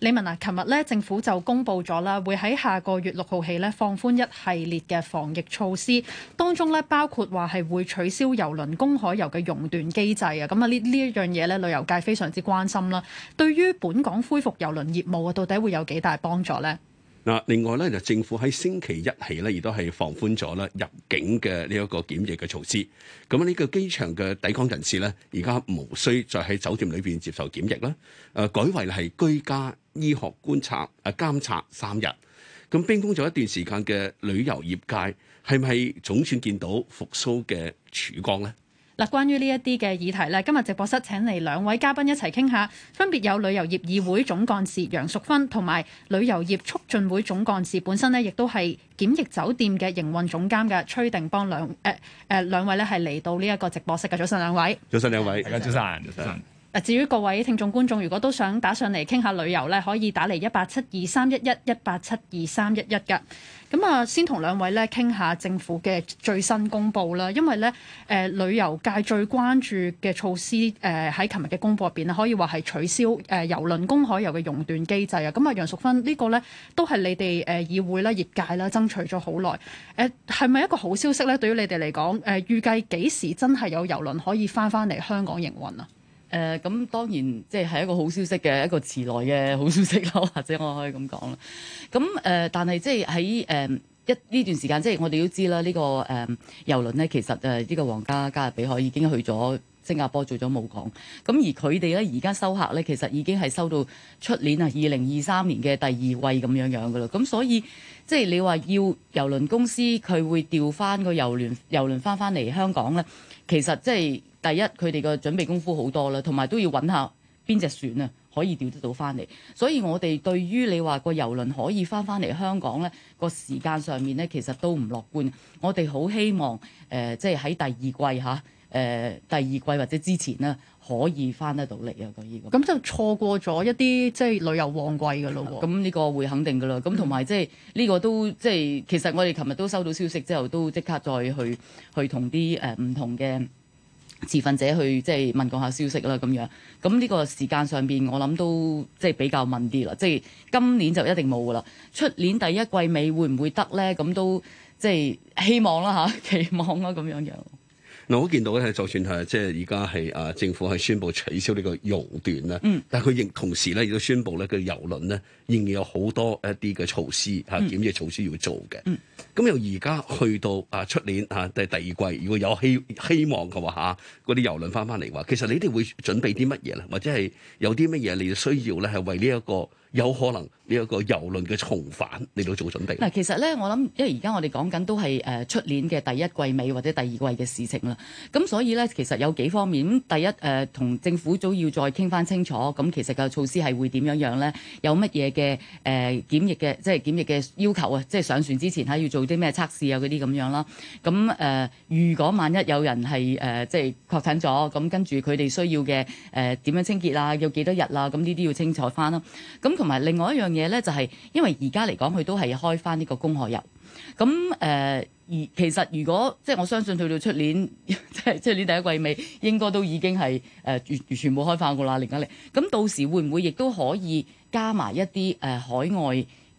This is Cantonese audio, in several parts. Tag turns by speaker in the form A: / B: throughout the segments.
A: 李文啊，琴日咧政府就公布咗啦，會喺下個月六號起咧放寬一系列嘅防疫措施，當中咧包括話係會取消郵輪公海遊嘅熔斷機制啊，咁啊呢呢一樣嘢咧旅遊界非常之關心啦，啊。對於本港恢復郵輪業務啊，到底會有幾大幫助咧？
B: 嗱，另外咧就政府喺星期一起咧，亦都係放寬咗咧入境嘅呢一個檢疫嘅措施。咁、啊、呢個機場嘅抵港人士咧，而家無需再喺酒店裏邊接受檢疫啦。誒，改為係居家醫學觀察誒監察三日。咁冰封咗一段時間嘅旅遊業界，係咪總算見到復甦嘅曙光咧？
A: 嗱，關於呢一啲嘅議題呢，今日直播室請嚟兩位嘉賓一齊傾下，分別有旅遊業議會總幹事楊淑芬，同埋旅遊業促進會總幹事，本身呢亦都係檢疫酒店嘅營運總監嘅崔定邦兩，誒、呃、誒、呃、兩位呢係嚟到呢一個直播室嘅。早晨兩位，
B: 早晨兩位，大家早晨，早
A: 晨。嗱，至於各位聽眾觀眾，如果都想打上嚟傾下旅遊呢，可以打嚟一八七二三一一一八七二三一一㗎。咁啊，先同兩位咧傾下政府嘅最新公布啦，因為咧，誒旅遊界最關注嘅措施誒喺琴日嘅公布入邊咧，可以話係取消誒郵輪公海遊嘅熔斷機制啊。咁啊，楊淑芬呢、這個咧都係你哋誒議會啦、業界啦爭取咗好耐。誒，係咪一個好消息咧？對於你哋嚟講誒預計幾時真係有郵輪可以翻翻嚟香港營運啊？
C: 誒咁、嗯、當然，即係係一個好消息嘅一個遲來嘅好消息咯，或者我可以咁講啦。咁、嗯、誒、嗯，但係即係喺誒一呢段時間，即係我哋都知啦，這個嗯、郵呢個誒郵輪咧，其實誒呢個皇家加勒比海已經去咗新加坡做咗母港。咁、嗯、而佢哋咧而家收客咧，其實已經係收到出年啊二零二三年嘅第二位咁樣樣噶啦。咁、嗯、所以即係你話要郵輪公司佢會調返個郵輪郵輪返返嚟香港咧，其實即係。第一，佢哋嘅準備功夫好多啦，同埋都要揾下邊隻船啊，可以調得到翻嚟。所以我哋對於你話個遊輪可以翻翻嚟香港咧，個時間上面咧其實都唔樂觀。我哋好希望誒，即係喺第二季吓，誒、呃、第二季或者之前咧，可以翻得到嚟啊！咁呢個咁就錯過咗一啲即係旅遊旺季噶咯。咁呢個會肯定噶啦。咁同埋即係呢個都即係、即係、其實我哋琴日都收到消息之後，都即刻再去去、呃、同啲誒唔同嘅。持份者去即係問過下消息啦，咁樣，咁呢個時間上邊，我諗都即係比較慢啲啦。即係今年就一定冇噶啦，出年第一季尾會唔會得呢？咁都即係希望啦嚇，期望啦咁樣樣。
B: 嗱，我見到咧，就算係即係而家係啊，政府係宣布取消呢個熔斷啦，嗯、但係佢亦同時咧亦都宣布咧個郵輪咧仍然有好多一啲嘅措施嚇、啊、檢疫措施要做嘅。咁、嗯、由而家去到啊出年啊，即係第二季，如果有希希望嘅話嚇，嗰啲郵輪翻翻嚟話，其實你哋會準備啲乜嘢咧？或者係有啲乜嘢你要需要咧？係為呢、這、一個？有可能呢一個郵輪嘅重返，你都做準備。嗱，其
C: 實咧，我諗，因為而家我哋講緊都係誒出年嘅第一季尾或者第二季嘅事情啦。咁所以咧，其實有幾方面。第一誒，同、呃、政府都要再傾翻清楚。咁其實個措施係會點樣樣咧？有乜嘢嘅誒檢疫嘅，即係檢疫嘅要求啊？即係上船之前嚇、呃、要做啲咩測試啊？嗰啲咁樣啦。咁誒、呃，如果萬一有人係誒、呃、即係確診咗，咁跟住佢哋需要嘅誒點樣清潔啊？要幾多日啦、啊？咁呢啲要清楚翻啦。咁同埋另外一樣嘢咧，就係、是、因為而家嚟講，佢都係開翻呢個公海遊。咁誒，而、呃、其實如果即係我相信去到出年，即係出年第一季尾，應該都已經係誒完完全冇開翻噶啦，另緊嚟。咁到時會唔會亦都可以加埋一啲誒、呃、海外嘅誒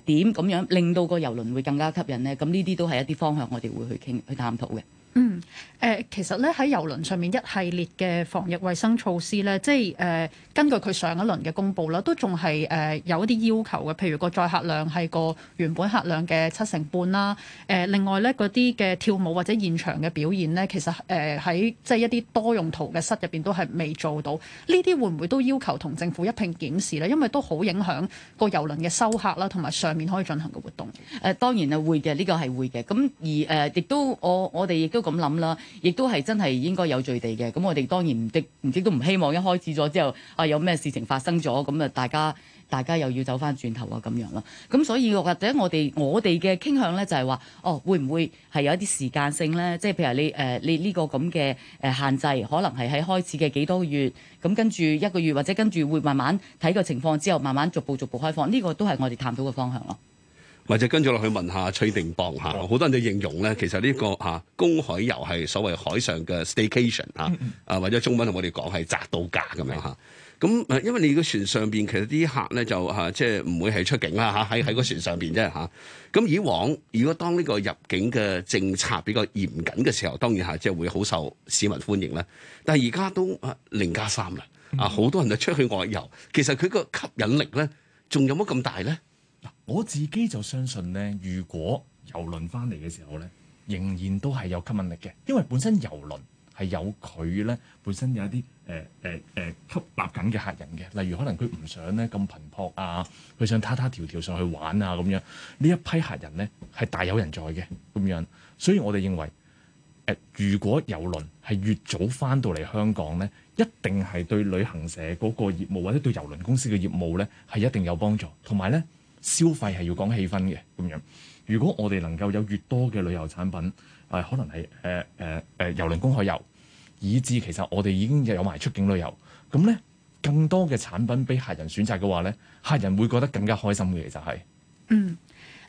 C: 點，咁樣令到個遊輪會更加吸引咧？咁呢啲都係一啲方向，我哋會去傾去探討嘅。嗯，誒，
A: 其實咧，喺遊輪上面一系列嘅防疫衛生措施咧，即係誒根據佢上一輪嘅公布啦，都仲係誒有一啲要求嘅，譬如個載客量係個原本客量嘅七成半啦。誒另外咧，嗰啲嘅跳舞或者現場嘅表演咧，其實誒喺即係一啲多用途嘅室入邊都係未做到。呢啲會唔會都要求同政府一併檢視咧？因為都好影響個遊輪嘅收客啦，同埋上面可以進行嘅活動。
C: 誒當然啊會嘅，呢個係會嘅。咁而誒亦都我我哋亦都。都咁諗啦，亦都係真係應該有序地嘅。咁我哋當然唔的唔的都唔希望一開始咗之後啊，有咩事情發生咗，咁啊大家大家又要走返轉頭啊咁樣咯。咁所以或者我哋我哋嘅傾向呢，就係、是、話，哦會唔會係有一啲時間性呢？即、就、係、是、譬如你誒、呃、你呢個咁嘅誒限制，可能係喺開始嘅幾多月，咁跟住一個月或者跟住會慢慢睇個情況之後，慢慢逐步逐步開放。呢、這個都係我哋探討嘅方向咯。
B: 或者跟住落去問下崔定邦，嚇，好多人就形容咧，其實呢個嚇公海遊係所謂海上嘅 staycation 嚇，啊或者中文我哋講係宅度假咁樣嚇。咁因為你個船上邊其實啲客咧就嚇即係唔會係出境啦嚇，喺喺個船上邊啫嚇。咁以往如果當呢個入境嘅政策比較嚴謹嘅時候，當然係即係會好受市民歡迎啦。但係而家都零加三啦，啊好多人都出去外遊，其實佢個吸引力咧仲有冇咁大咧？
D: 我自己就相信呢如果郵輪返嚟嘅時候呢，仍然都係有吸引力嘅，因為本身郵輪係有佢呢，本身有一啲誒誒誒吸納緊嘅客人嘅，例如可能佢唔想呢咁頻撲啊，佢想攤攤條條上去玩啊咁樣呢一批客人呢，係大有人在嘅咁樣，所以我哋認為、呃、如果郵輪係越早返到嚟香港呢，一定係對旅行社嗰個業務或者對郵輪公司嘅業務呢，係一定有幫助，同埋呢。消費係要講氣氛嘅咁樣，如果我哋能夠有越多嘅旅遊產品，誒、呃、可能係誒誒誒遊輪公海遊，以至其實我哋已經有埋出境旅遊，咁咧更多嘅產品俾客人選擇嘅話咧，客人會覺得更加開心嘅、就係，其實係。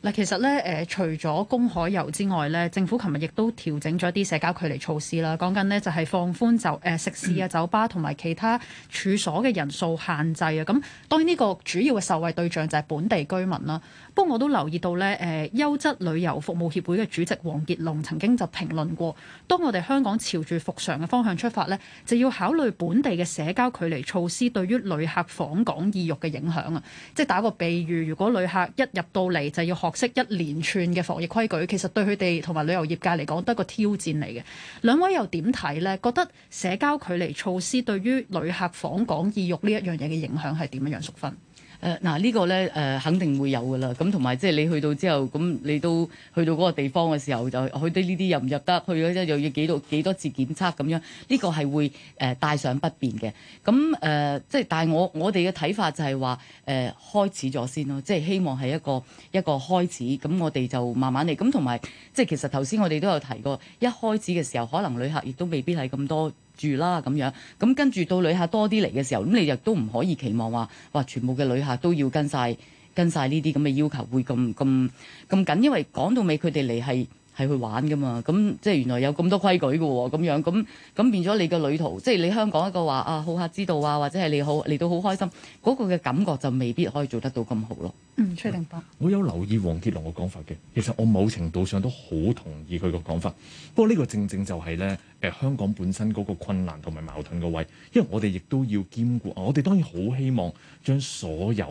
A: 嗱，其實咧，誒、呃，除咗公海遊之外咧，政府琴日亦都調整咗啲社交距離措施啦。講緊呢就係、是、放寬酒誒、呃、食肆啊、酒吧同埋其他處所嘅人數限制啊。咁、嗯、當然呢個主要嘅受惠對象就係本地居民啦。不過我都留意到咧，誒、呃，優質旅遊服務協會嘅主席黃傑龍曾經就評論過，當我哋香港朝住復常嘅方向出發咧，就要考慮本地嘅社交距離措施對於旅客訪港意欲嘅影響啊。即係打個比喻，如果旅客一入到嚟就要學識一連串嘅防疫規矩，其實對佢哋同埋旅遊業界嚟講，都係一個挑戰嚟嘅。兩位又點睇呢？覺得社交距離措施對於旅客訪港意欲呢一樣嘢嘅影
C: 響係點樣樣？淑芬？誒嗱、呃這個、呢個咧誒肯定會有㗎啦，咁同埋即係你去到之後，咁你都去到嗰個地方嘅時候，就去得呢啲入唔入得？去咗之後又要幾多幾多次檢測咁樣，呢、這個係會誒、呃、帶上不便嘅。咁誒即係但係我我哋嘅睇法就係話誒開始咗先咯，即、就、係、是、希望係一個一個開始，咁、嗯、我哋就慢慢嚟。咁同埋即係其實頭先我哋都有提過，一開始嘅時候可能旅客亦都未必係咁多。住啦咁樣，咁、嗯、跟住到旅客多啲嚟嘅時候，咁、嗯、你亦都唔可以期望話，哇！全部嘅旅客都要跟晒，跟晒呢啲咁嘅要求，會咁咁咁緊，因為講到尾佢哋嚟係，係去玩噶嘛？咁即係原來有咁多規矩嘅喎，咁樣咁咁變咗你嘅旅途，即係你香港一個話啊，好客之道啊，或者係你好嚟到好開心嗰、嗰個嘅感覺，就未必可以做得到咁好咯。嗯，崔定邦，我有
D: 留意黃傑龍嘅講法嘅，其實我某程度上都好同意佢嘅講法。不過呢個正正就係咧，誒、呃、香港本身嗰個困難同埋矛盾嘅位，因為我哋亦都要兼顧，我哋當然好希望將所有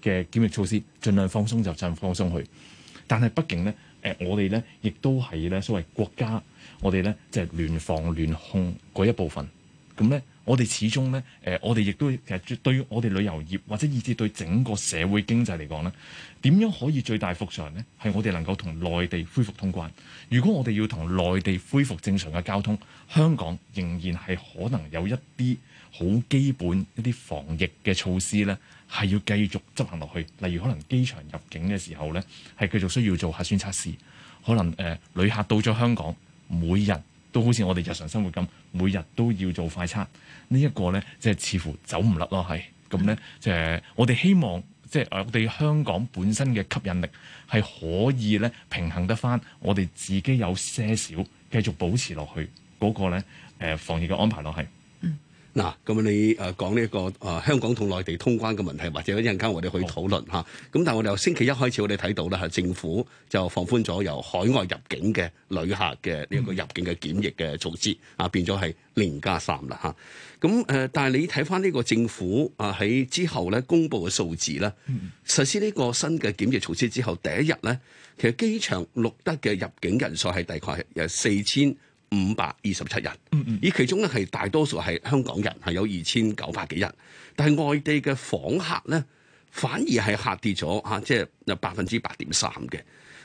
D: 嘅檢疫措施盡量放鬆就盡放鬆去，但係畢竟呢。誒、呃，我哋咧亦都係咧所謂國家，我哋咧即係聯防聯控嗰一部分。咁咧，我哋始終咧，誒、呃，我哋亦都、呃、其實對我哋旅遊業或者以至對整個社會經濟嚟講咧，點樣可以最大復常咧？係我哋能夠同內地恢復通關。如果我哋要同內地恢復正常嘅交通，香港仍然係可能有一啲好基本一啲防疫嘅措施咧，係要繼續執行落去，例如可能機場入境嘅時候咧，係繼續需要做核酸測試。可能誒、呃呃、旅客到咗香港，每日都好似我哋日常生活咁，每日都要做快測。這個、呢一個咧，即、就、係、是、似乎走唔甩咯，係咁咧，即係、就是、我哋希望即係、就是、我哋香港本身嘅吸引力係可以咧平衡得翻，我哋自己有些少繼續保持落去嗰、那個咧誒、呃、防疫嘅安排落、就、去、是。
B: 嗱，咁你誒講呢一個香港同內地通關嘅問題，或者一陣間我哋去討論吓咁、哦、但係我哋由星期一開始我，我哋睇到咧，係政府就放寬咗由海外入境嘅旅客嘅呢個入境嘅檢疫嘅措施，啊、嗯、變咗係零加三啦嚇。咁誒，但係你睇翻呢個政府啊喺之後咧公佈嘅數字咧，嗯、實施呢個新嘅檢疫措施之後，第一日咧，其實機場錄得嘅入境人數係大概有四千五百二十七人，而其中咧係大多數係香港人，係有二千九百幾人，但係外地嘅訪客咧反而係下跌咗嚇，即係有百分之八點三嘅。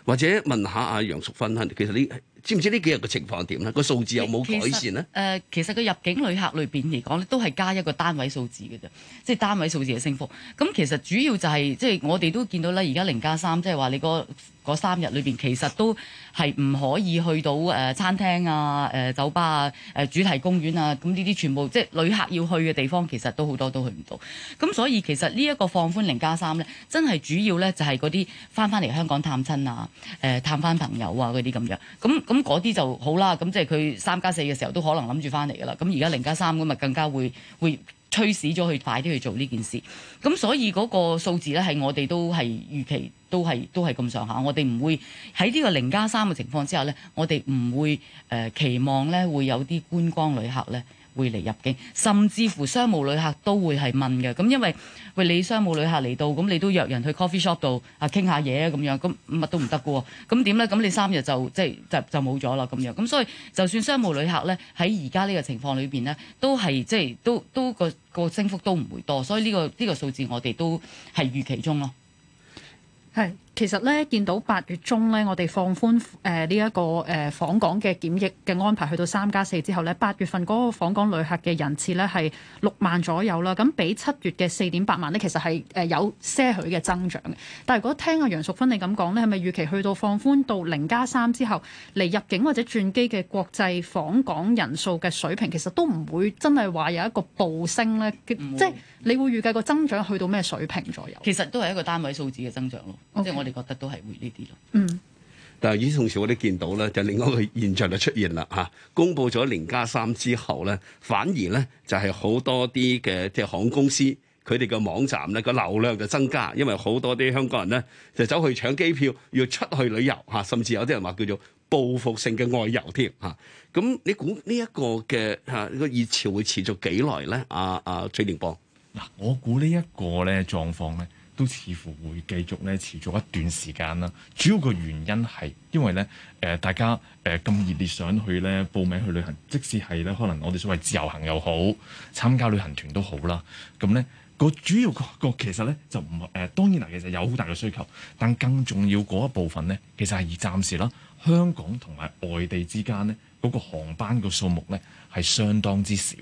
B: 或者問下阿楊淑芬，其實你知唔知呢幾日嘅情況點咧？個數字有冇改善咧？
C: 誒、呃，其實個入境旅客裏邊嚟講咧，都係加一個單位數字嘅啫，即係單位數字嘅升幅。咁其實主要就係即係我哋都見到咧，而家零加三，即係話你個。嗰三日裏邊其實都係唔可以去到誒、呃、餐廳啊、誒、呃、酒吧啊、誒、呃、主題公園啊，咁呢啲全部即係旅客要去嘅地方，其實都好多都去唔到。咁所以其實呢一個放寬零加三咧，真係主要咧就係嗰啲翻翻嚟香港探親啊、誒、呃、探翻朋友啊嗰啲咁樣。咁咁嗰啲就好啦。咁即係佢三加四嘅時候都可能諗住翻嚟㗎啦。咁而家零加三咁咪更加會會。趨使咗去快啲去做呢件事，咁所以嗰個數字咧係我哋都係預期都，都係都係咁上下。我哋唔會喺呢個零加三嘅情況之下咧，我哋唔會誒、呃、期望咧會有啲觀光旅客咧，會嚟入境，甚至乎商務旅客都會係問嘅。咁因為喂，你商務旅客嚟到，咁你都約人去 coffee shop 度啊傾下嘢啊咁樣，咁乜都唔得嘅喎。咁點咧？咁你三日就即係就就冇咗啦咁樣。咁所以就算商務旅客咧喺而家呢個情況裏邊咧，都係即係都都，都個個升幅都唔會多。所以呢個呢個數字我哋都係預期中咯。
A: 係。其實咧，見到八月中咧，我哋放寬誒呢一個誒、呃、訪港嘅檢疫嘅安排，去到三加四之後咧，八月份嗰個訪港旅客嘅人次咧係六萬左右啦。咁比七月嘅四點八萬咧，其實係誒有些許嘅增長嘅。但係如果聽阿楊淑芬你咁講咧，係咪預期去到放寬到零加三之後，嚟入境或者轉機嘅國際訪港人數嘅水平，其實都唔會真係話有一個暴升咧？即係你會預計個增
C: 長去到咩水平左右？其實都係一個單位數字嘅增長咯，Okay. 即係我。你覺得都係會呢啲咯。
B: 嗯，但係與此同時，以從我都見到咧，就另外一個現象就出現啦嚇、啊。公布咗零加三之後咧，反而咧就係好多啲嘅即係航空公司，佢哋嘅網站咧個流量就增加，因為好多啲香港人咧就走去搶機票，要出去旅遊嚇、啊，甚至有啲人話叫做報復性嘅外遊添嚇。咁、啊、你估呢一個嘅嚇個熱潮會持續幾耐咧？阿阿崔定邦，
D: 嗱、啊，我估呢一個咧狀況咧。都似乎會繼續咧，持續一段時間啦。主要個原因係，因為咧誒、呃，大家誒咁熱烈想去咧報名去旅行，即使係咧可能我哋所謂自由行又好，參加旅行團都好啦。咁、嗯、咧、嗰個主要個其實咧就唔誒，當然啊，其實有好大嘅需求，但更重要嗰一部分咧，其實係以暫時啦，香港同埋外地之間咧嗰個航班嘅數目咧係相當之少。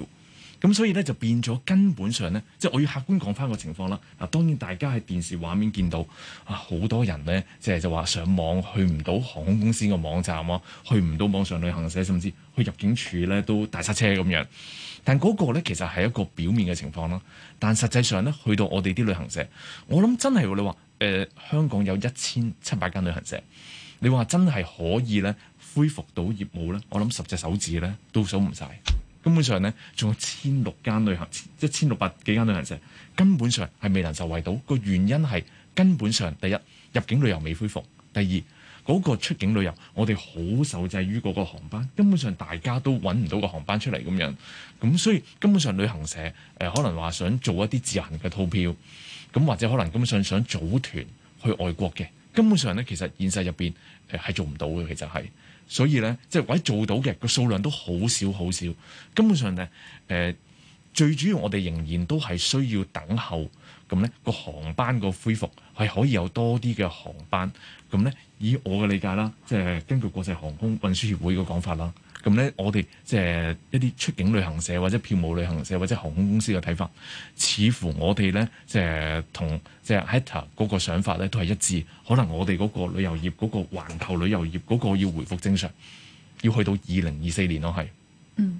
D: 咁所以咧就變咗根本上咧，即係我要客觀講翻個情況啦。嗱，當然大家喺電視畫面見到啊，好多人咧，即係就話、是、上網去唔到航空公司嘅網站喎，去唔到網上旅行社，甚至去入境處咧都大塞車咁樣。但嗰個咧其實係一個表面嘅情況啦。但實際上咧，去到我哋啲旅行社，我諗真係你話誒、呃，香港有一千七百間旅行社，你話真係可以咧恢復到業務咧，我諗十隻手指咧都數唔晒。根本上咧，仲有千六間旅行，一千六百幾間旅行社，根本上係未能受惠到。個原因係根本上，第一入境旅遊未恢復；第二嗰、那個出境旅遊，我哋好受制於嗰個航班。根本上大家都揾唔到個航班出嚟咁樣。咁所以根本上旅行社誒、呃，可能話想做一啲自行嘅套票，咁或者可能根本上想組團去外國嘅，根本上咧其實現實入邊誒係做唔到嘅，其實係。所以咧，即係或者做到嘅個數量都好少好少，根本上咧，誒、呃、最主要我哋仍然都係需要等候，咁咧個航班個恢復係可以有多啲嘅航班，咁咧以我嘅理解啦，即係根據國際航空運輸協會嘅講法啦。咁咧，我哋即係一啲出境旅行社或者票務旅行社或者航空公司嘅睇法，似乎我哋咧即係同即係 IATA 嗰個想法咧都係一致。可能我哋嗰個旅遊業嗰個環球旅遊業嗰個要回復正常，要去到二零二四年咯，係。嗯。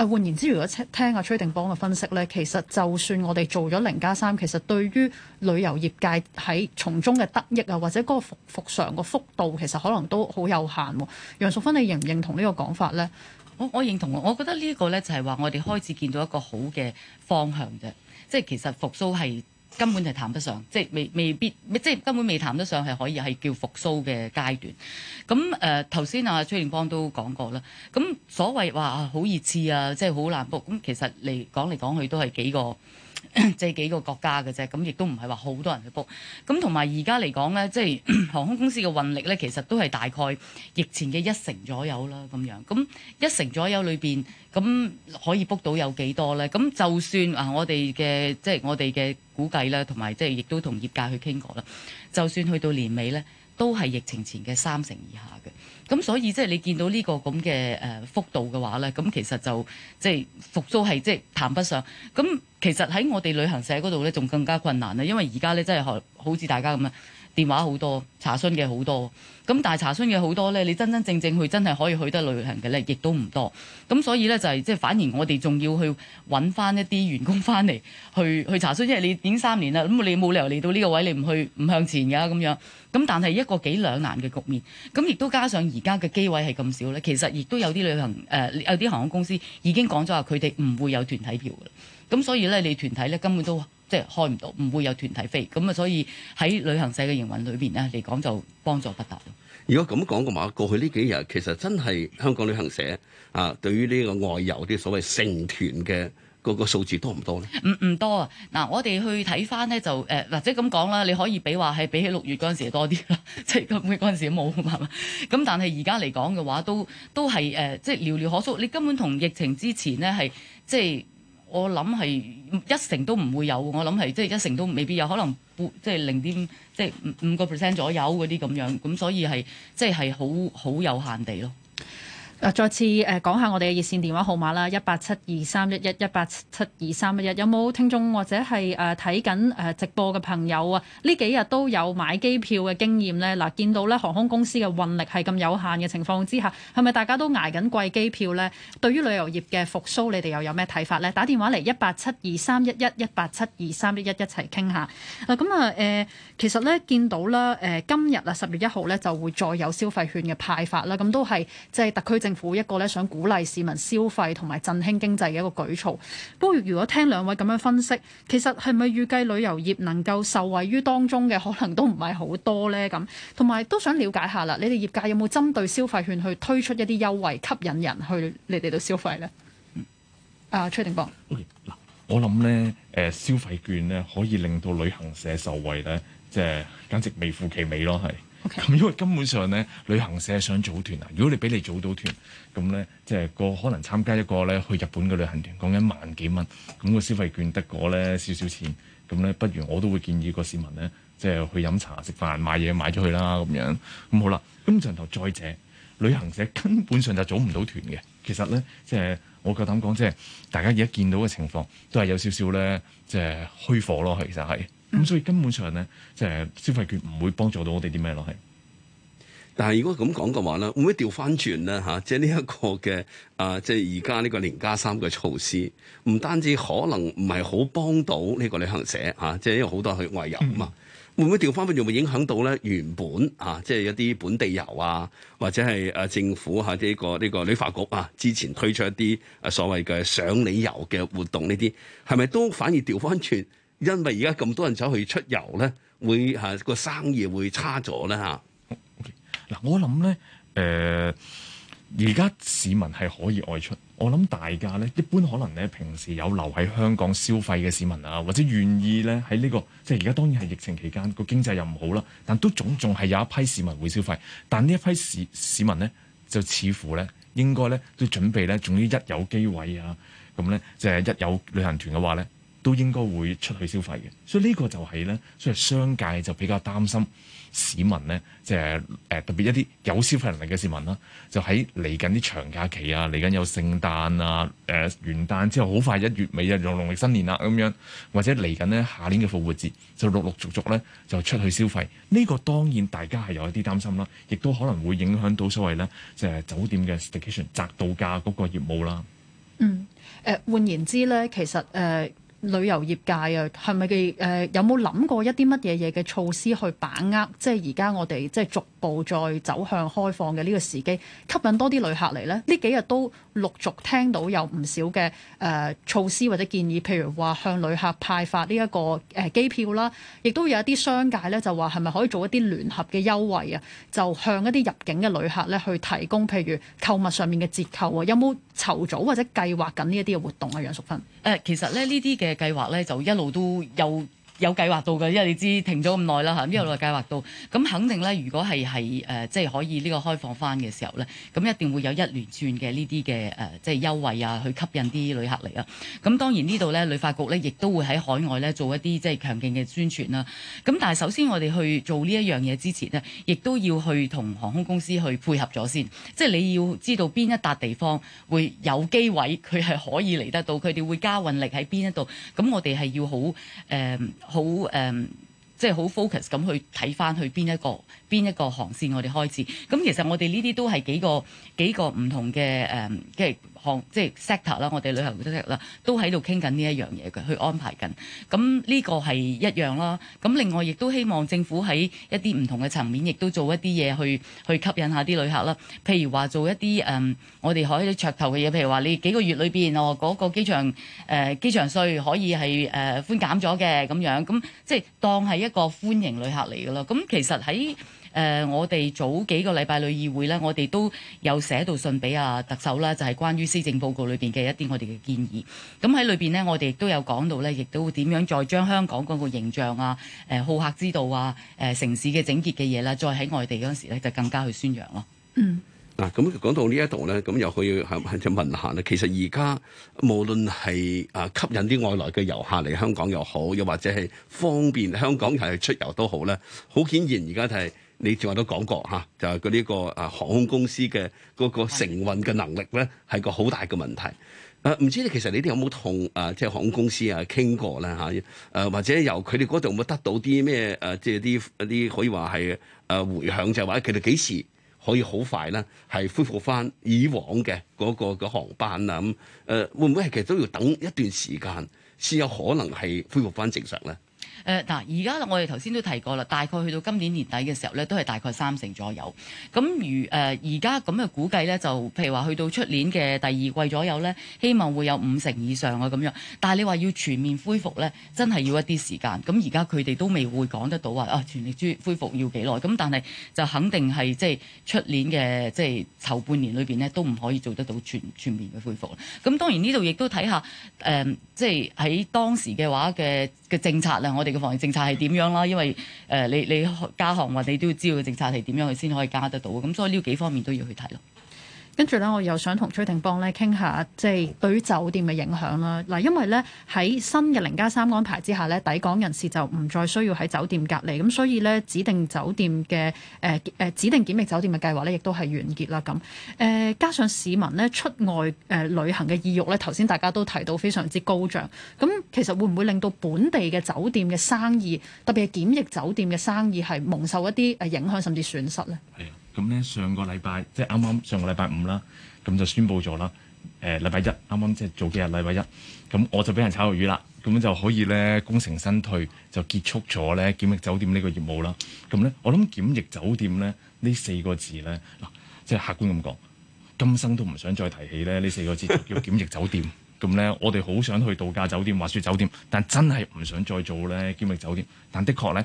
A: 誒，換言之，如果聽阿崔定邦嘅分析咧，其實就算我哋做咗零加三，其實對於旅遊業界喺從中嘅得益啊，或者嗰個復復常個幅度，
C: 其實可能都好有限喎。楊淑芬，你認唔認同呢個講法咧？我我認同，我覺得呢個咧就係話我哋開始見到一個好嘅方向嘅。即係其實復甦係。根本係談不上，即係未未必，即係根本未談得上係可以係叫復甦嘅階段。咁誒，頭先阿崔定邦都講過啦。咁所謂話好熱刺啊，即係好難撲。咁其實嚟講嚟講去都係幾個。即係幾個國家嘅啫，咁亦都唔係話好多人去 book。咁同埋而家嚟講呢，即係航空公司嘅運力呢，其實都係大概疫情嘅一成左右啦。咁樣，咁一成左右裏邊，咁可以 book 到有幾多呢？咁就算啊，就是、我哋嘅即係我哋嘅估計啦，同埋即係亦都同業界去傾過啦。就算去到年尾呢，都係疫情前嘅三成以下嘅。咁所以即係、就是、你見到呢個咁嘅誒幅度嘅話咧，咁其實就即係、就是、復甦係即係談不上。咁其實喺我哋旅行社嗰度咧，仲更加困難喇，因為而家咧真係學好似大家咁啊。電話好多，查詢嘅好多，咁但係查詢嘅好多呢，你真真正正去真係可以去得旅行嘅呢，亦都唔多。咁所以呢、就係，就係即係反而我哋仲要去揾翻一啲員工翻嚟去去查詢，因為你已經三年啦，咁你冇理由嚟到呢個位，你唔去唔向前㗎咁、啊、樣。咁但係一個幾兩難嘅局面，咁亦都加上而家嘅機位係咁少呢。其實亦都有啲旅行誒、呃，有啲航空公司已經講咗話佢哋唔會有團體票㗎啦。咁所以呢，你團體呢，根本都。即係開唔到，唔會有團體飛，咁啊，所以喺旅行社嘅營運裏邊咧嚟講，就幫助不大咯。
B: 如果咁講嘅話，過去呢幾日其實真係香港旅行社啊，對於呢個外遊啲所謂成團嘅嗰個、個數字多唔多咧？
C: 唔唔多啊！嗱，我哋去睇翻咧就誒嗱、呃，即咁講啦。你可以比話係比起六月嗰陣時多啲啦， 即係根本嗰陣時冇係嘛。咁但係而家嚟講嘅話，都都係誒、呃，即係寥寥可數。你根本同疫情之前咧係即係。我諗係一成都唔會有，我諗係即係一成都未必有，可能半即係零點即係五五個 percent 左右嗰啲咁樣，咁所以係即係係好好有限地咯。
A: 再次誒、呃、講下我哋嘅熱線電話號碼啦，一八七二三一一一八七二三一一，有冇聽眾或者係誒睇緊誒直播嘅朋友啊？呢幾日都有買機票嘅經驗呢。嗱、呃，見到咧航空公司嘅運力係咁有限嘅情況之下，係咪大家都捱緊貴機票呢？對於旅遊業嘅復甦，你哋又有咩睇法呢？打電話嚟一八七二三一一一八七二三一一一齊傾下。咁啊誒，其實咧見到啦誒、呃，今日啊十月一號咧就會再有消費券嘅派發啦，咁都係即係特區政政府一個咧，想鼓勵市民消費同埋振興經濟嘅一個舉措，不過如果聽兩位咁樣分析，其實係咪預計旅遊業能夠受惠於當中嘅，可能都唔係好多呢？咁。同埋都想了解下啦，你哋業界有冇針對消費券去推出一啲優惠，吸引人去你哋度消費咧？嗯、啊，崔定邦。
D: 嗱，okay. 我諗呢，誒、呃，消費券呢，可以令到旅行社受惠呢，即係簡直微乎其微咯，係。咁 Okay. 因為根本上咧，旅行社想組團啊，如果你俾你組到團，咁咧即係個可能參加一個咧去日本嘅旅行團，講緊萬幾蚊，咁、嗰個消費券得個咧少少錢，咁咧不如我都會建議個市民咧，即係去飲茶、食飯、買嘢買咗去啦咁樣。咁、嗯、好啦，咁層頭再者，旅行社根本上就組唔到團嘅。其實咧，即係我夠膽講，即係大家而家見到嘅情況，都係有少少咧，即係虛火咯，其實係。咁、嗯、所以根本上咧，即係消費券唔會幫助到我哋啲咩咯？係，
B: 但係如果咁講嘅話咧，會唔會調翻轉咧？嚇，即係呢一個嘅啊，即係而家呢個零加三嘅措施，唔單止可能唔係好幫到呢個旅行社嚇、啊，即係因為好多去外遊啊嘛、嗯，會唔會調翻轉，又會影響到咧原本啊，即係一啲本地遊啊，或者係啊政府啊即呢、這個呢、這個旅發、這個、局啊，之前推出一啲啊所謂嘅賞你遊嘅活動呢啲，係咪都反而調翻轉？因為而家咁多人走去出遊咧，會嚇個生意會差咗咧嚇。
D: 嗱、okay，我諗咧，誒、呃，而家市民係可以外出。我諗大家咧，一般可能咧，平時有留喺香港消費嘅市民啊，或者願意咧喺呢、這個，即係而家當然係疫情期間個經濟又唔好啦，但都總仲係有一批市民會消費。但呢一批市市民咧，就似乎咧應該咧都準備咧，總之一有機位啊，咁咧即係一有旅行團嘅話咧。都應該會出去消費嘅，所以呢個就係咧，所以商界就比較擔心市民咧，即係誒特別一啲有消費能力嘅市民啦，就喺嚟緊啲長假期啊，嚟緊有聖誕啊、誒、呃、元旦之後，好快一月尾啊，用農曆新年啦、啊、咁樣，或者嚟緊呢下年嘅復活節，就陸陸續續咧就出去消費。呢、這個當然大家係有一啲擔心啦，亦都可能會影響到所謂咧，即、就、係、是、酒店嘅 staycation 宅度假嗰個業務啦。嗯，誒、
A: 呃、換言之咧，其實誒。呃旅遊業界啊，係咪嘅誒有冇諗過一啲乜嘢嘢嘅措施去把握？即係而家我哋即係逐步再走向開放嘅呢個時機，吸引多啲旅客嚟呢？呢幾日都陸續聽到有唔少嘅誒、呃、措施或者建議，譬如話向旅客派發呢、這、一個誒、呃、機票啦，亦都有一啲商界咧就話係咪可以做一啲聯合嘅優惠啊？就向一啲入境嘅旅客咧去提供，譬如購物上面嘅折扣啊，有冇籌組或者計
C: 劃緊呢一啲嘅活動啊？楊淑芬，誒、呃、其實咧呢啲嘅計劃咧就一路都有。有計劃到嘅，因為你知停咗咁耐啦嚇，呢度計劃到，咁肯定咧，如果係係誒，即係可以呢個開放翻嘅時候咧，咁一定會有一連串嘅呢啲嘅誒，即係優惠啊，去吸引啲旅客嚟啊。咁當然呢度咧，旅發局咧亦都會喺海外咧做一啲即係強勁嘅宣傳啦。咁但係首先我哋去做呢一樣嘢之前咧，亦都要去同航空公司去配合咗先，即係你要知道邊一笪地方會有機位，佢係可以嚟得到，佢哋會加運力喺邊一度，咁我哋係要好誒。呃好誒，um, 即係好 focus 咁去睇翻去邊一個邊一個航線。我哋開始。咁、嗯、其實我哋呢啲都係幾個幾個唔同嘅誒，um, 即係。行即係 sector 啦，我哋旅遊 industry 啦，都喺度傾緊呢一樣嘢嘅，去安排緊。咁呢個係一樣啦。咁另外亦都希望政府喺一啲唔同嘅層面，亦都做一啲嘢去去吸引下啲旅客啦。譬如話做一啲誒、嗯，我哋可以噱頭嘅嘢，譬如話你幾個月裏邊哦，嗰、那個機場誒、呃、機場稅可以係誒、呃、寬減咗嘅咁樣，咁即係當係一個歡迎旅客嚟嘅咯。咁其實喺誒、呃，我哋早幾個禮拜旅議會咧，我哋都有寫到信俾啊特首啦，就係、是、關於施政報告裏邊嘅一啲我哋嘅建議。咁喺裏邊呢，我哋亦都有講到咧，亦都點樣再將香港嗰個形象啊、誒、呃、好客之道啊、誒、呃、城市嘅整潔嘅嘢啦，再喺外地嗰陣時咧，就更加去宣揚咯。嗯，
B: 嗱、嗯，咁講到呢一度咧，咁又可以係就問下咧，其實而家無論係啊吸引啲外來嘅遊客嚟香港又好，又或者係方便香港人去出遊都好咧，好顯然而家係。你正話都講過嚇、啊，就係佢呢個啊航空公司嘅嗰個承運嘅能力咧，係個好大嘅問題。誒、啊、唔知你其實你哋有冇同啊即係、就是、航空公司啊傾過咧嚇？誒、啊、或者由佢哋嗰度有冇得到啲咩誒？即係啲一啲可以話係誒迴響，就係話佢哋幾時可以好快咧，係恢復翻以往嘅嗰、那個嘅、那個、航班啊咁？誒會唔會係其實都要等一段時間先有可能係恢復翻正常咧？
C: 誒嗱，而家、呃、我哋頭先都提過啦，大概去到今年年底嘅時候咧，都係大概三成左右。咁如誒而家咁嘅估計咧，就譬如話去到出年嘅第二季左右咧，希望會有五成以上啊咁樣。但係你話要全面恢復咧，真係要一啲時間。咁而家佢哋都未會講得到話啊，全力恢復要幾耐。咁但係就肯定係即係出年嘅即係頭半年裏邊咧，都唔可以做得到全全面嘅恢復。咁當然呢度亦都睇下誒，即係喺當時嘅話嘅。嘅政策啦，我哋嘅防疫政策係點樣啦？因為誒、呃，你你加航運，你都要知道政策係點樣，佢先可以加得到。咁所以呢幾方面都要去睇咯。
A: 跟住咧，我又想同崔定邦咧傾下，即係對於酒店嘅影響啦。嗱，因為咧喺新嘅零加三安排之下咧，抵港人士就唔再需要喺酒店隔離，咁所以咧指定酒店嘅誒誒指定檢疫酒店嘅計劃咧，亦都係完結啦。咁、呃、誒，加上市民咧出外誒、呃、旅行嘅意欲咧，頭先大家都提到非常之高漲。咁其實會唔會令到本地嘅酒店嘅生意，特別係檢疫酒店嘅生意，係蒙受一啲誒影響甚至損失咧？係。
D: 咁咧上個禮拜即係啱啱上個禮拜五啦，咁就宣布咗啦。誒禮拜一啱啱即係早幾日禮拜一，咁我就俾人炒魷魚啦。咁樣就可以咧功成身退，就結束咗咧檢、檢疫酒店呢個業務啦。咁咧我諗檢疫酒店咧呢四個字咧嗱、啊，即係客觀咁講，今生都唔想再提起咧呢四個字叫檢疫酒店。咁咧 我哋好想去度假酒店、滑雪酒店，但真係唔想再做咧檢疫酒店。但的確咧。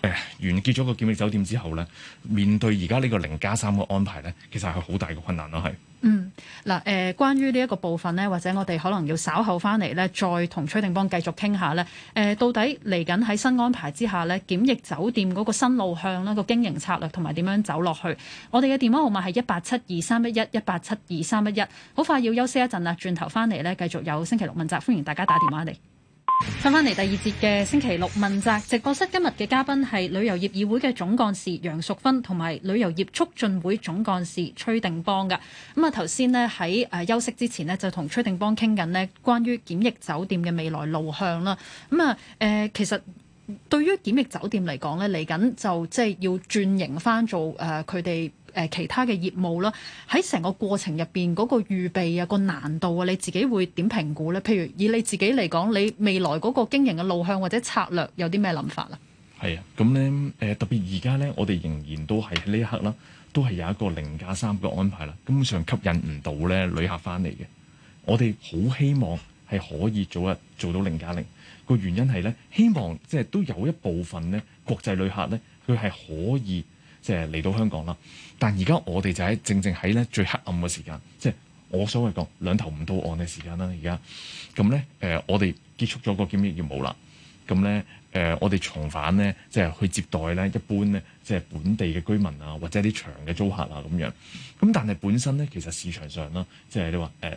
D: 誒、哎、完結咗個檢疫酒店之後咧，面對而家呢個零加三嘅安排咧，其實係好大嘅困難咯，係。
A: 嗯，嗱，誒，關於呢一個部分咧，或者我哋可能要稍後翻嚟咧，再同崔定邦繼續傾下咧。誒、呃，到底嚟緊喺新安排之下咧，檢疫酒店嗰個新路向啦，嗰個經營策略同埋點樣走落去？我哋嘅電話號碼係一八七二三一一一八七二三一一。好快要休息一陣啦，轉頭翻嚟咧，繼續有星期六問責，歡迎大家打電話嚟。翻翻嚟，第二節嘅星期六問責直播室，今日嘅嘉賓係旅遊業議會嘅總幹事楊淑芬，同埋旅遊業促進會總幹事崔定邦噶咁啊，頭先呢喺，誒休息之前呢，就同崔定邦傾緊呢，關於檢疫酒店嘅未來路向啦。咁啊誒，其實對於檢疫酒店嚟講呢，嚟緊就即係要轉型翻做誒佢哋。呃誒其他嘅業務啦，喺成個過程入邊嗰個預備啊，個難度啊，你自己會點評估呢？譬如以你自己嚟講，你未來嗰個經營嘅路向或者策略有啲咩諗法啊？
D: 係啊，咁、嗯、呢，誒特別而家呢，我哋仍然都係喺呢一刻啦，都係有一個零加三嘅安排啦，根本上吸引唔到呢旅客翻嚟嘅。我哋好希望係可以早日做到零加零。個原因係呢，希望即係都有一部分呢國際旅客呢，佢係可以。即係嚟到香港啦，但而家我哋就喺正正喺咧最黑暗嘅時間，即係我所謂講兩頭唔到岸嘅時間啦。而家咁咧，誒、嗯呃、我哋結束咗個檢疫業務啦，咁咧誒我哋重返咧，即係去接待咧一般咧，即係本地嘅居民啊，或者啲長嘅租客啊咁樣。咁但係本身咧，其實市場上啦，即係你話誒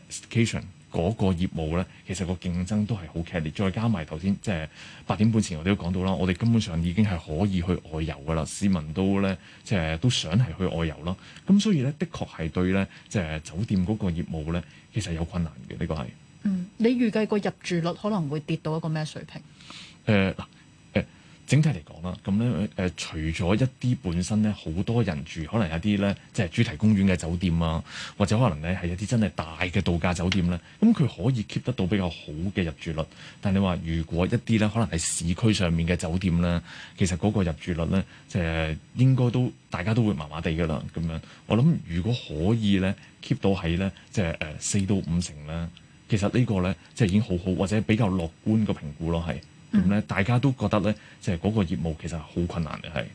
D: 嗰個業務咧，其實個競爭都係好劇烈，再加埋頭先，即係八點半前我哋都講到啦，我哋根本上已經係可以去外遊噶啦，市民都呢，即係都想係去外遊啦，咁所以呢，的確係對呢，即係酒店嗰個業務咧，其實有困難嘅呢個係。嗯，
A: 你預計個入住率可能會跌到一個咩水平？
D: 誒。整體嚟講啦，咁咧誒，除咗一啲本身咧好多人住，可能有啲咧即係主題公園嘅酒店啊，或者可能咧係一啲真係大嘅度假酒店咧，咁佢可以 keep 得到比較好嘅入住率。但你話如果一啲咧可能係市區上面嘅酒店咧，其實嗰個入住率咧即係應該都大家都會麻麻地㗎啦。咁樣我諗如果可以咧 keep 到喺咧即係誒四到五成咧，其實呢個咧即係已經好好或者比較樂觀嘅評估咯，係。咁咧，嗯、大家都覺得咧，即係嗰個業務其實好困難嘅，係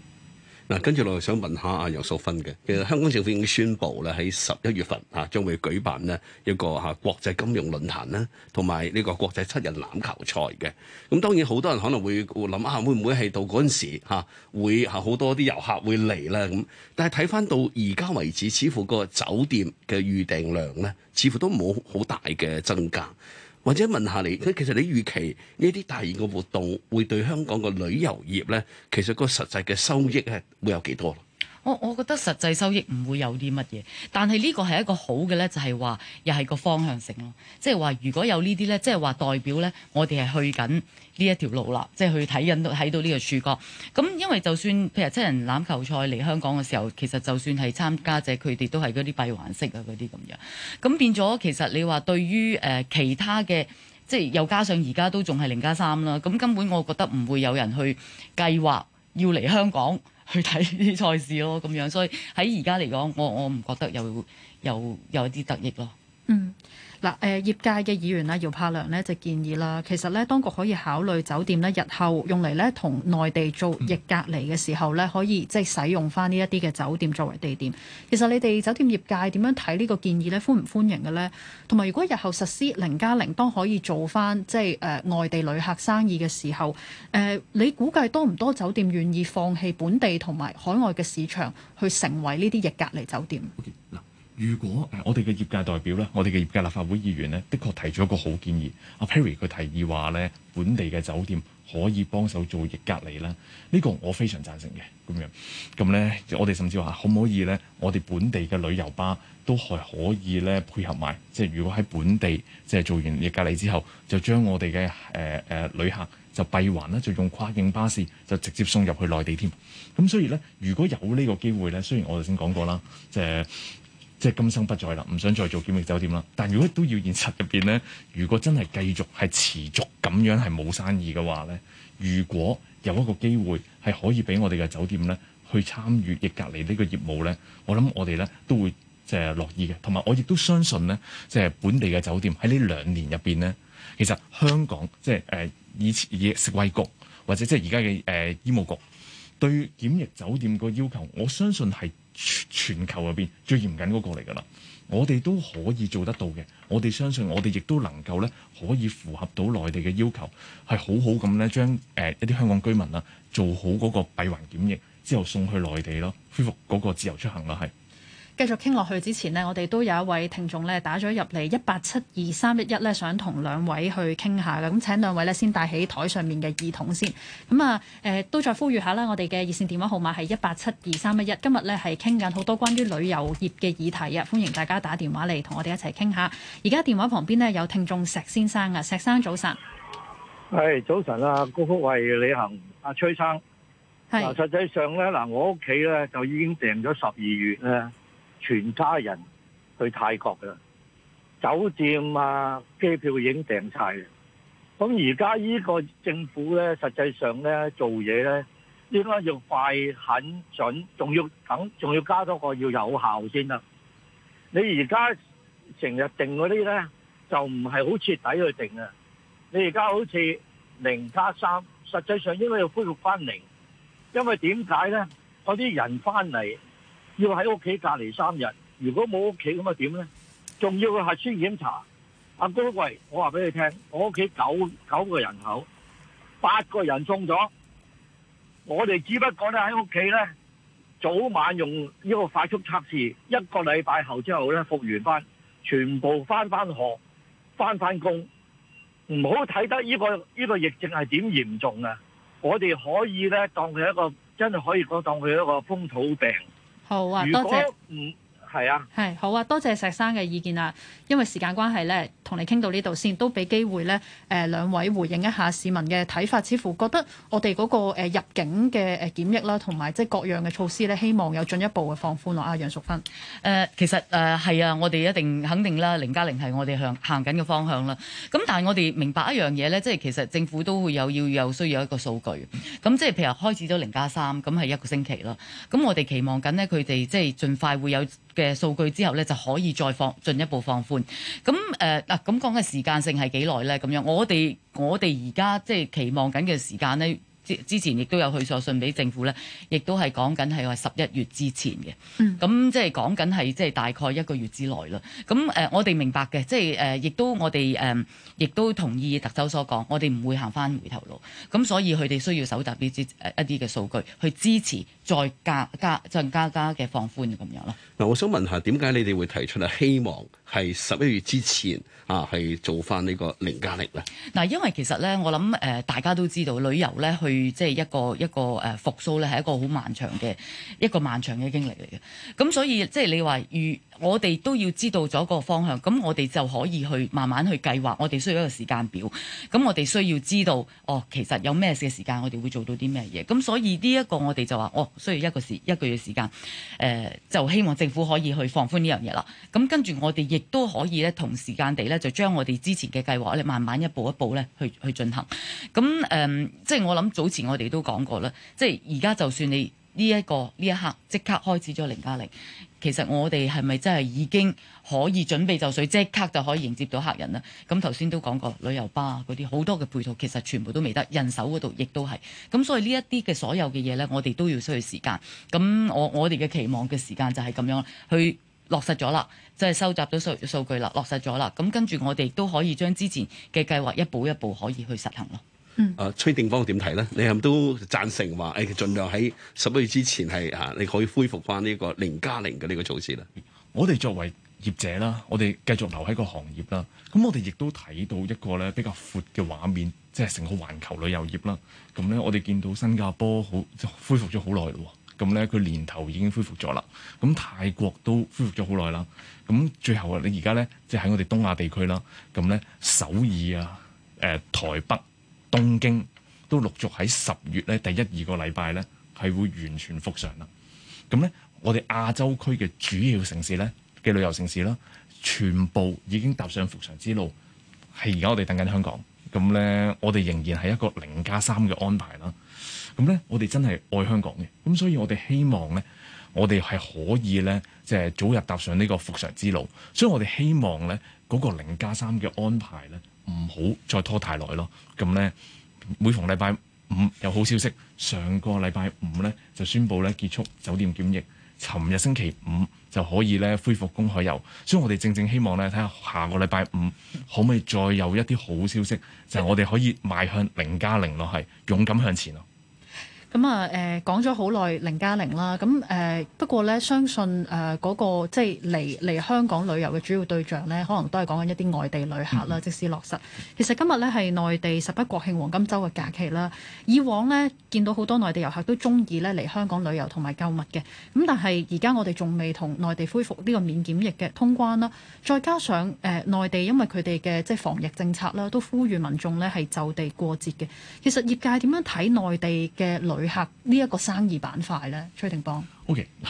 B: 嗱。跟住落嚟想問下阿楊淑芬嘅，其實香港政府已經宣布咧，喺十一月份啊，將會舉辦呢一個嚇國際金融論壇啦，同埋呢個國際七人欖球賽嘅。咁當然好多人可能會會諗啊，會唔會係到嗰陣時嚇會嚇好多啲遊客會嚟啦咁？但係睇翻到而家為止，似乎個酒店嘅預訂量咧，似乎都冇好大嘅增加。或者問下你，其實你預期呢啲大型嘅活動會對香港嘅旅遊業咧，其實個實際嘅收益咧，會有幾多？
C: 我我覺得實際收益唔會有啲乜嘢，但係呢個係一個好嘅呢就係、是、話又係個方向性咯。即係話如果有呢啲呢，即係話代表呢，我哋係去緊呢一條路啦，即、就、係、是、去睇緊睇到呢個曙光。咁因為就算譬如七人欖球賽嚟香港嘅時候，其實就算係參加者，佢哋都係嗰啲閉環式啊嗰啲咁樣。咁變咗其實你話對於誒其他嘅，即係又加上而家都仲係零加三啦。咁根本我覺得唔會有人去計劃要嚟香港。去睇呢啲賽事咯，咁樣。所以喺而家嚟講，我我唔覺得有有有啲得益咯。嗯。
A: 嗱，誒業界嘅議員咧，姚柏良咧就建議啦，其實咧當局可以考慮酒店咧，日後用嚟咧同內地做逆隔離嘅時候咧，可以即係使用翻呢一啲嘅酒店作為地點。其實你哋酒店業界點樣睇呢個建議呢？歡唔歡迎嘅呢？同埋如果日後實施零加零，0，當可以做翻即係誒外地旅客生意嘅時候，誒你估計多唔多酒店願意放棄本地同埋海外嘅市場去成為呢啲逆隔離酒店？Okay.
D: 如果我哋嘅業界代表咧，我哋嘅業界立法會議員呢，的確提咗一個好建議。阿 Perry 佢提議話咧，本地嘅酒店可以幫手做逆隔離啦。呢、這個我非常贊成嘅咁樣。咁咧，我哋甚至話可唔可以咧？我哋本地嘅旅遊巴都係可以咧配合埋，即係如果喺本地即係做完逆隔離之後，就將我哋嘅誒誒旅客就閉環咧，就用跨境巴士就直接送入去內地添。咁所以咧，如果有呢個機會咧，雖然我頭先講過啦，即係。即係今生不再啦，唔想再做檢疫酒店啦。但如果都要現實入邊呢，如果真係繼續係持續咁樣係冇生意嘅話咧，如果有一個機會係可以俾我哋嘅酒店咧去參與疫隔離呢個業務咧，我諗我哋咧都會誒、呃、樂意嘅。同埋我亦都相信呢，即係本地嘅酒店喺呢兩年入邊呢，其實香港即係誒、呃、以前以食衛局或者即係而家嘅誒醫務局對檢疫酒店個要求，我相信係。全球入面最嚴謹嗰個嚟㗎啦，我哋都可以做得到嘅。我哋相信我哋亦都能夠咧，可以符合到內地嘅要求，係好好咁咧將誒、呃、一啲香港居民啊做好嗰個閉環檢疫之後送去內地咯，恢復嗰個自由出行啦，係。
A: 繼續傾落去之前呢，我哋都有一位聽眾咧打咗入嚟一八七二三一一咧，想同兩位去傾下嘅。咁請兩位咧先帶起台上面嘅耳筒先。咁、嗯、啊，誒、呃、都再呼籲下啦，我哋嘅熱線電話號碼係一八七二三一一。今日咧係傾緊好多關於旅遊業嘅議題啊，歡迎大家打電話嚟同我哋一齊傾下。而家電話旁邊呢，有聽眾石先生啊，石生早晨。
E: 係、hey, 早晨啊，高福慧李行阿崔生。係是。實際上咧，嗱我屋企咧就已經訂咗十二月咧。全家人去泰國噶，酒店啊，機票已經訂曬嘅。咁而家呢個政府咧，實際上咧做嘢咧，應該要快、狠、準，仲要等，仲要加多個要有效先啦。你而家成日定嗰啲咧，就唔係好徹底去定啊。你而家好似零加三，實際上應該要恢復翻零，因為點解咧？嗰啲人翻嚟。要喺屋企隔離三日，如果冇屋企咁啊點咧？仲要去核酸檢查，阿哥喂，我話俾你聽，我屋企九九個人口，八個人中咗，我哋只不過咧喺屋企咧，早晚用呢個快速測試，一個禮拜後之後咧復原翻，全部翻返學，翻返工，唔好睇得呢、呢個呢、呢個疫症係點嚴重啊！我哋可以咧當佢一個真係可以講當佢一個風土病。
A: 好啊，於是 多謝。嗯。係啊，係好啊，多謝石生嘅意見啊，因為時間關係咧，同你傾到呢度先，都俾機會咧，誒兩位回應一下市民嘅睇法，似乎覺得我哋嗰個誒入境嘅誒檢疫啦，同埋即係各樣嘅措施咧，希望有進一步嘅放寬。啊，楊淑
C: 芬，誒、呃，其實誒係、呃、啊，我哋一定肯定啦，零加零係我哋向行緊嘅方向啦。咁但係我哋明白一樣嘢咧，即係其實政府都會有要有需要有一個數據。咁即係譬如開始咗零加三，咁係一個星期啦。咁我哋期望緊呢，佢哋即係盡快會有嘅。數據之後咧，就可以再放進一步放寬。咁誒嗱，呃，咁講嘅時間性係幾耐咧？咁樣我哋我哋而家即係期望緊嘅時間咧。之前亦都有去所信俾政府咧，亦都係講緊係話十一月之前嘅，咁、mm. 即係講緊係即係大概一個月之內啦。咁誒，我哋明白嘅，即係誒，亦都我哋誒、嗯，亦都同意特首所講，我哋唔會行翻回頭路。咁所以佢哋需要搜集一啲誒一啲嘅數據去支持再加加，再加加再加加嘅放寬咁樣咯。
B: 嗱，我想問下點解你哋會提出啊？希望。係十一月之前啊，係做翻呢個零加力咧。
C: 嗱，因為其實咧，我諗誒，大家都知道旅遊咧，去即係一個一個誒復甦咧，係一個好漫長嘅一個漫長嘅經歷嚟嘅。咁所以即係、就是、你話遇。我哋都要知道咗個方向，咁我哋就可以去慢慢去計劃。我哋需要一個時間表，咁我哋需要知道哦，其實有咩嘅時間我哋會做到啲咩嘢。咁所以呢一個我哋就話哦，需要一個時一個月時間，誒、呃，就希望政府可以去放寬呢樣嘢啦。咁跟住我哋亦都可以咧，同時間地咧，就將我哋之前嘅計劃咧，慢慢一步一步咧去去進行。咁誒、即、呃、係、就是、我諗早前我哋都講過啦，即係而家就算你。呢一個呢一刻即刻開始咗零加零，其實我哋係咪真係已經可以準備就緒，即刻就可以迎接到客人啦？咁頭先都講過旅遊巴嗰啲好多嘅配套，其實全部都未得，人手嗰度亦都係。咁所以呢一啲嘅所有嘅嘢呢，我哋都要需要時間。咁我我哋嘅期望嘅時間就係咁樣，去落實咗啦，即係收集到數數據啦，落實咗啦。咁跟住我哋都可以將之前嘅計劃一步一步可以去實行咯。
B: 嗯、啊，崔定邦點睇咧？你係咪都贊成話，誒、哎，儘量喺十一月之前係嚇、啊，你可以恢復翻呢個零加零嘅呢個措施啦。
D: 我哋作為業者啦，我哋繼續留喺個行業啦。咁我哋亦都睇到一個咧比較闊嘅畫面，即、就、係、是、成個環球旅遊業啦。咁咧，我哋見到新加坡好恢復咗好耐喎，咁咧佢年頭已經恢復咗啦。咁泰國都恢復咗好耐啦。咁最後啊，你而家咧即係喺我哋東亞地區啦，咁咧首爾啊，誒、呃、台北。東京都陸續喺十月咧，第一、二個禮拜咧係會完全復常啦。咁咧，我哋亞洲區嘅主要城市咧嘅旅遊城市啦，全部已經踏上復常之路。係而家我哋等緊香港。咁咧，我哋仍然係一個零加三嘅安排啦。咁咧，我哋真係愛香港嘅。咁所以我哋希望咧，我哋係可以咧，即係早日踏上呢個復常之路。所以我哋希望咧，嗰個零加三嘅安排咧。唔好再拖太耐咯，咁呢，每逢禮拜五有好消息，上個禮拜五呢，就宣布呢結束酒店檢疫，尋日星期五就可以呢恢復公海遊，所以我哋正正希望呢，睇下下個禮拜五可唔可以再有一啲好消息，就係、我哋可以邁向零加零咯，係勇敢向前咯。
A: 咁啊，誒、嗯、講咗好耐零加零啦，咁誒、嗯、不過咧，相信誒、呃那個即係嚟嚟香港旅遊嘅主要對象咧，可能都係講緊一啲外地旅客啦。即使落實，其實今日咧係內地十一國慶黃金周嘅假期啦。以往咧見到好多內地遊客都中意咧嚟香港旅遊同埋購物嘅，咁但係而家我哋仲未同內地恢復呢個免檢疫嘅通關啦，再加上誒、呃、內地因為佢哋嘅即係防疫政策啦，都呼籲民眾咧係就地過節嘅。其實業界點樣睇內地嘅旅？旅客呢一個生意板塊咧，崔定邦。
D: O.K. 嗱，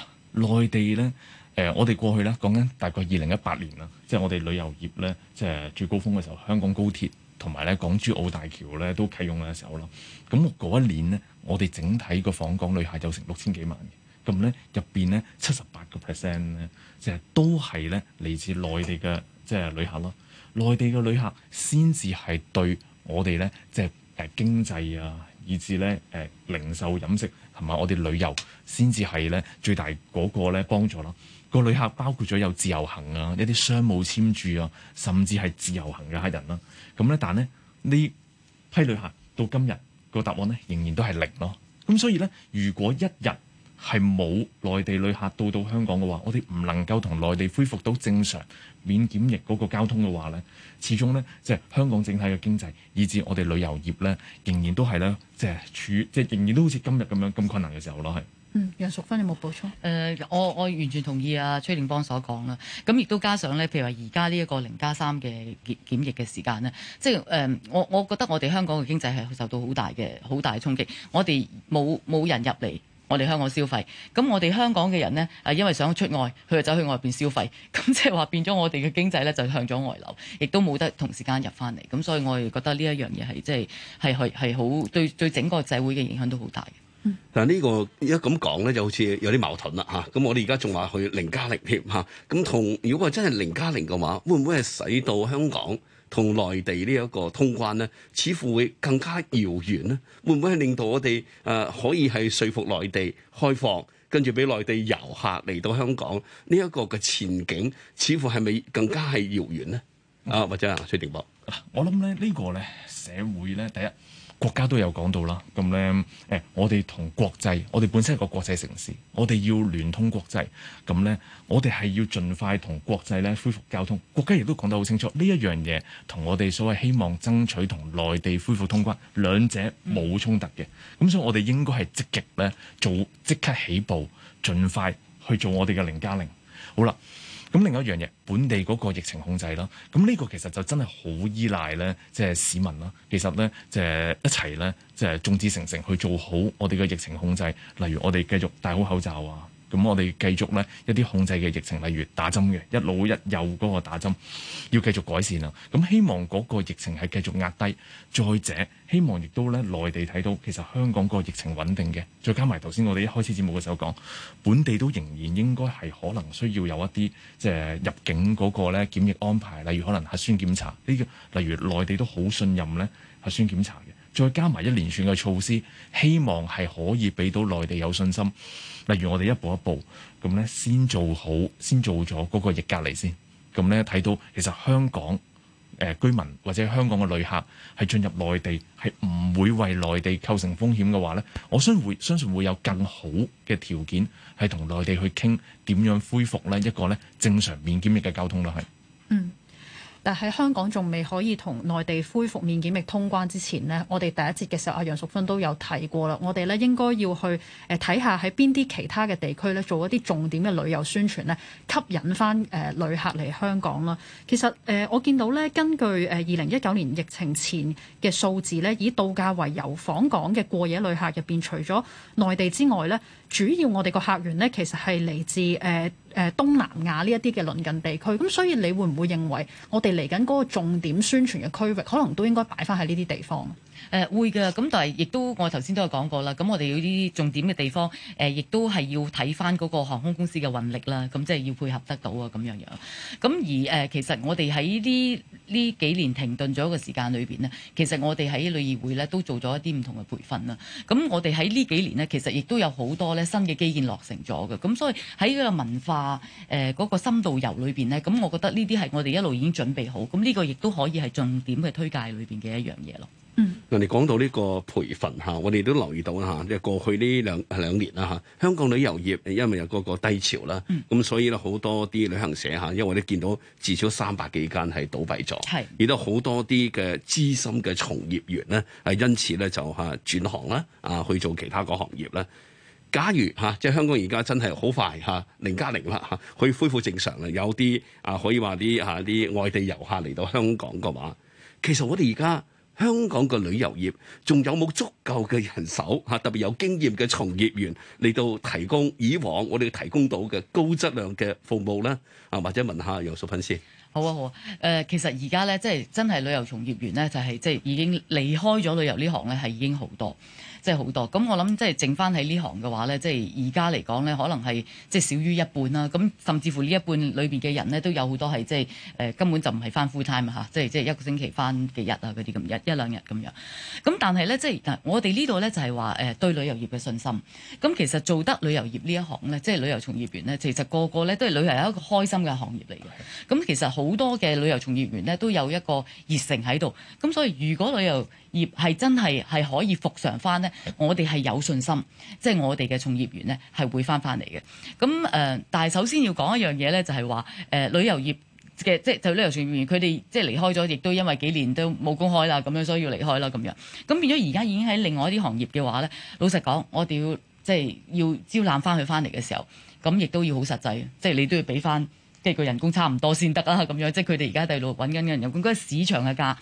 D: 內地咧，誒，我哋過去咧講緊大概二零一八年啦，即係我哋旅遊業咧，即係最高峰嘅時候，香港高鐵同埋咧港珠澳大橋咧都啟用嘅時候咯。咁我嗰一年咧，我哋整體個訪港旅客有成六千幾萬嘅，咁咧入邊咧七十八個 percent 咧，即係都係咧嚟自內地嘅即係旅客咯。內地嘅旅客先至係對我哋咧，即係誒經濟啊，以至咧，誒、呃、零售飲食同埋我哋旅遊先至係咧最大嗰個咧幫助啦。個旅客包括咗有自由行啊、一啲商務簽注啊，甚至係自由行嘅客人啦、啊。咁、嗯、咧，但咧呢批旅客到今日、嗰個答案咧仍然都係零咯。咁、嗯、所以咧，如果一日係冇內地旅客到到香港嘅話，我哋唔能夠同內地恢復到正常。免檢疫嗰個交通嘅話咧，始終咧即係香港整體嘅經濟，以至我哋旅遊業咧，仍然都係咧即係處即係仍然都好似今日咁樣咁困難嘅時候咯，係。嗯，
C: 楊淑芬你有冇補充？誒、呃，我我完全同意啊，崔定邦所講啦。咁亦都加上咧，譬如話而家呢一個零加三嘅檢檢疫嘅時間咧，即係誒、呃，我我覺得我哋香港嘅經濟係受到好大嘅好大嘅衝擊，我哋冇冇人入嚟。我哋香港消費，咁我哋香港嘅人呢，誒因為想出外，佢就走去外邊消費，咁即係話變咗我哋嘅經濟呢，就向咗外流，亦都冇得同時間入翻嚟，咁所以我哋覺得呢一樣嘢係即係係係係好對對整個社會嘅影響都好大嘅。嗯、
B: 但呢個而家咁講呢，就好似有啲矛盾啦嚇，咁、啊、我哋而家仲話去零加零添嚇，咁、啊、同如果話真係零加零嘅話，會唔會係使到香港，會同內地呢一個通關咧，似乎會更加遙遠咧，會唔會係令到我哋誒、呃、可以係説服內地開放，跟住俾內地遊客嚟到香港呢一、這個嘅前景，似乎係咪更加係遙遠咧？Okay. 啊，或者啊，崔定邦，
D: 我諗咧呢個咧社會咧，第一。國家都有講到啦，咁咧，誒，我哋同國際，我哋本身係個國際城市，我哋要聯通國際，咁咧，我哋係要盡快同國際咧恢復交通。國家亦都講得好清楚，呢一樣嘢同我哋所謂希望爭取同內地恢復通關，兩者冇衝突嘅，咁、嗯、所以我哋應該係積極咧做，即刻起步，盡快去做我哋嘅零加零。好啦。咁另外一樣嘢，本地嗰個疫情控制啦，咁呢個其實就真係好依賴咧，即係市民啦。其實咧，即係一齊咧，即係眾志成城去做好我哋嘅疫情控制。例如我哋繼續戴好口罩啊。咁我哋繼續咧一啲控制嘅疫情，例如打針嘅一老一幼嗰個打針要繼續改善啦。咁希望嗰個疫情係繼續壓低。再者，希望亦都咧內地睇到其實香港嗰個疫情穩定嘅。再加埋頭先我哋一開始節目嘅時候講，本地都仍然應該係可能需要有一啲即係入境嗰個咧檢疫安排，例如可能核酸檢查呢個，例如內地都好信任咧核酸檢查嘅。再加埋一連串嘅措施，希望係可以俾到內地有信心。例如我哋一步一步咁咧，先做好，先做咗嗰個疫隔離先。咁咧睇到其實香港誒、呃、居民或者香港嘅旅客係進入內地係唔會為內地構成風險嘅話咧，我相信相信會有更好嘅條件係同內地去傾點樣恢復呢一個咧正常免檢疫嘅交通咯，係。嗯。
A: 但喺香港仲未可以同內地恢復免檢疫通關之前呢，我哋第一節嘅時候，阿楊淑芬都有提過啦。我哋咧應該要去誒睇下喺邊啲其他嘅地區咧做一啲重點嘅旅遊宣傳咧，吸引翻誒、呃、旅客嚟香港啦。其實誒、呃，我見到咧，根據誒二零一九年疫情前嘅數字咧，以度假為由訪港嘅過夜旅客入邊，除咗內地之外咧，主要我哋個客源咧其實係嚟自誒。呃誒東南亞呢一啲嘅鄰近地區，咁所以你會唔會認為我哋嚟緊嗰個重點宣傳嘅區域，可能都應該擺返喺呢啲地方？
C: 誒會嘅咁，但係亦都我頭先都、嗯、有講過啦。咁我哋嗰啲重點嘅地方誒、呃，亦都係要睇翻嗰個航空公司嘅運力啦。咁、嗯、即係要配合得到啊，咁樣樣。咁、嗯、而誒、呃，其實我哋喺呢呢幾年停頓咗一個時間裏邊呢，其實我哋喺旅議會呢都做咗一啲唔同嘅培訓啦。咁、嗯、我哋喺呢幾年呢，其實亦都有好多呢新嘅基建落成咗嘅。咁、嗯、所以喺個文化誒嗰、呃那個深度遊裏邊呢，咁、嗯、我覺得呢啲係我哋一路已經準備好，咁、嗯、呢、這個亦都可以係重點嘅推介裏邊嘅一樣嘢咯。
B: 嗯，人哋講到呢個培訓嚇，我哋都留意到啦嚇，即係過去呢兩兩年啦嚇，香港旅遊業因為有個個低潮啦，咁、嗯、所以咧好多啲旅行社嚇，因為我哋見到至少三百幾間係倒閉咗，係亦都好多啲嘅資深嘅從業員咧，係因此咧就嚇轉行啦，啊去做其他個行業啦。假如嚇即係香港而家真係好快嚇零加零啦嚇，可以恢復正常啦，有啲啊可以話啲嚇啲外地遊客嚟到香港嘅話，其實我哋而家。香港嘅旅遊業仲有冇足夠嘅人手嚇？特別有經驗嘅從業員嚟到提供以往我哋提供到嘅高質量嘅服務咧？啊，或者問下楊淑芬先。
C: 好啊，好啊。誒、呃，其實而家咧，即係真係旅遊從業員咧，就係即係已經離開咗旅遊呢行咧，係已經好多。即係好多，咁我諗即係剩翻喺呢行嘅話呢，即係而家嚟講呢，可能係即係少於一半啦。咁甚至乎呢一半裏邊嘅人呢，都有好多係即係誒根本就唔係翻 full time 嚇，即係即係一個星期翻幾日啊嗰啲咁一一兩日咁樣。咁但係呢，即係我哋呢度呢，就係話誒對旅遊業嘅信心。咁其實做得旅遊業呢一行呢，即係旅遊從業員呢，其實個個呢都係旅遊有一個開心嘅行業嚟嘅。咁其實好多嘅旅遊從業員呢，都有一個熱誠喺度。咁所以如果旅遊業係真係係可以復常翻呢，我哋係有信心，即係我哋嘅從業員咧係會翻翻嚟嘅。咁誒，但係首先要講一樣嘢咧，就係話誒旅遊業嘅，即係就旅遊從業員，佢哋即係離開咗，亦都因為幾年都冇工開啦，咁樣所以要離開啦，咁樣。咁變咗而家已經喺另外一啲行業嘅話咧，老實講，我哋要即係要招攬翻去翻嚟嘅時候，咁亦都要好實際即係你都要俾翻即係個人工差唔多先得啦。咁樣即係佢哋而家喺度揾緊嘅人工嗰個市場嘅價。